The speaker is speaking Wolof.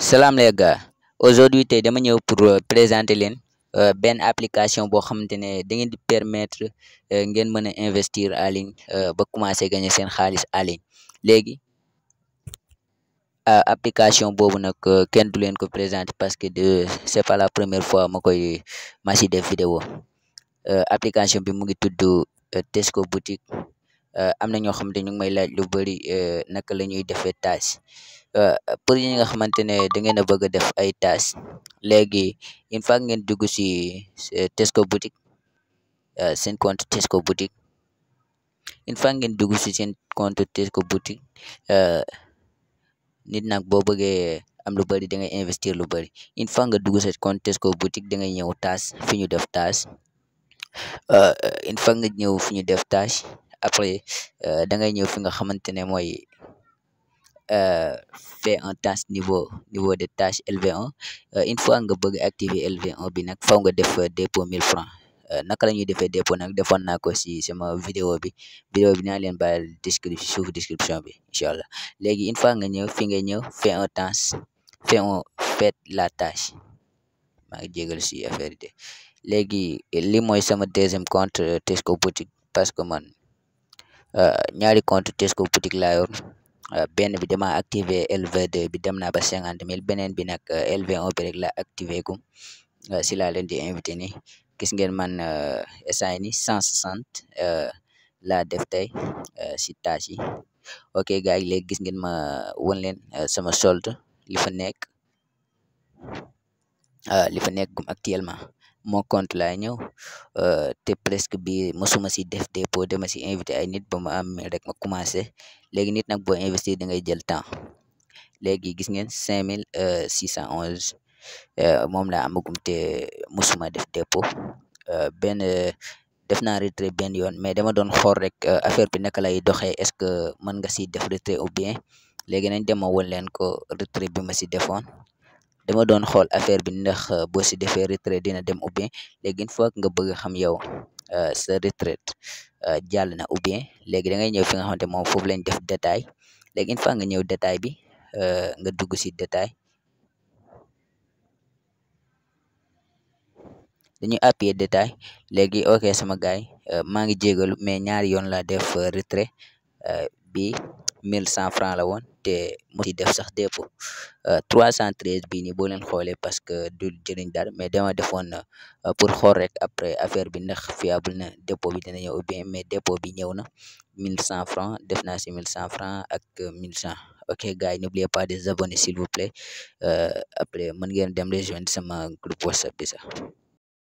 salaam les gars aujourd'hui tey dama ñëw pour euh, présenter leen euh, benn application boo xamante ne da ngeen di permettre euh, ngeen mën a investir en ligne ba commencer gagner seen xaalis en ligne léegi application boobu nag kenn du leen ko présenter parce que de c'est pas la première fois ma koy ma si def vidéo application bi mu ngi tudd Tesco Boutique Euh, am na ñoo xamante ñu ngi may laaj lu bëri euh, naka la ñuy defee tâche euh, pour ñi nga xamante ne da a bëgg a def ay tâche léegi il faut ngeen dugg si Tesco boutique seen compte Tesco boutique il faut ngeen dugg si seen compte Tesco boutique nit nag boo bëggee am lu bëri da ngay investir lu bëri il faut nga dugg sa compte Tesco boutique da ngay ñëw tâche fi ñu def tâche il faut nga ñëw fi ñu def tâche. après euh, da ngay ñëw fi nga xamante ne mooy fait euh, en tâche niveau niveau de tâche LV1 euh, une fois nga bëgg activer LV1 bi nag faw nga def dépôt 1000 francs naka la ñuy defee dépôt nag defoon naa ko si sama vidéo bi vidéo bi naa leen bàyyi description suuf description bi incha allah léegi une fois nga ñëw fi nga ñëw fait un tâche fait un fait la tâche maa ngi si affaire de li mooy sama deuxième compte Tesco boutique parce que man Euh, ñaari compte Tesco boutique laa yor euh, benn bi dama activé LV2 bi dem naa ba cinquante mille beneen bi nag euh, LV1 la activé gum si laa di invité ni gis ngeen man essay ni cent laa def tey si tâche yi ok gars yi léegi gis ngeen ma won leen sama solde li fa nekk li fa nekk gum actuellement mo compte laay ñëw euh, te presque bi mosuma si def dépôt dama si invité ay nit ba ma am rek ma commencé léegi nit nag boo investir da ngay jël temps léegi gis ngeen cinq mille euh, six cent onze euh, moom laa amagum te mosuma def dépôt benn def naa retrait benn yoon mais dama doon xool rek affaire bi naka lay doxee est-ce que mën nga si def retrait ou bien léegi nañ dema woon leen ko retrait bi ma si defoon dama doon xool affaire bi ndax euh, boo si defee retrait dina dem ou bien léegi une nga bëgg xam yow euh, sa retrait euh, jàll na ou bien léegi da ngay ñëw fi nga xamante moom foofu lañ def détail léegi une fois nga ñëw détail bi nga dugg si détail dañuy appuyer détail léegi ok sama gaay maa ngi jégalu mais ñaari yoon la def retrait bi mille cent franc la woon te mu ci def sax dépôt euh, trois cent treize bii nii boo leen xoolee parce que du jëriñ dara mais dama defoon euh, pour xool rek après affaire bi ndax fiable na dépôt bi dina ñëw ou bien mais dépôt bi ñëw na mille cent franc def naa si mille cent franc ak mille cent ok gars yi n'oubliez pas de vous abonner s'il vous plaît euh, après mën ngeen dem rejoindre sama groupe whatsapp bi sax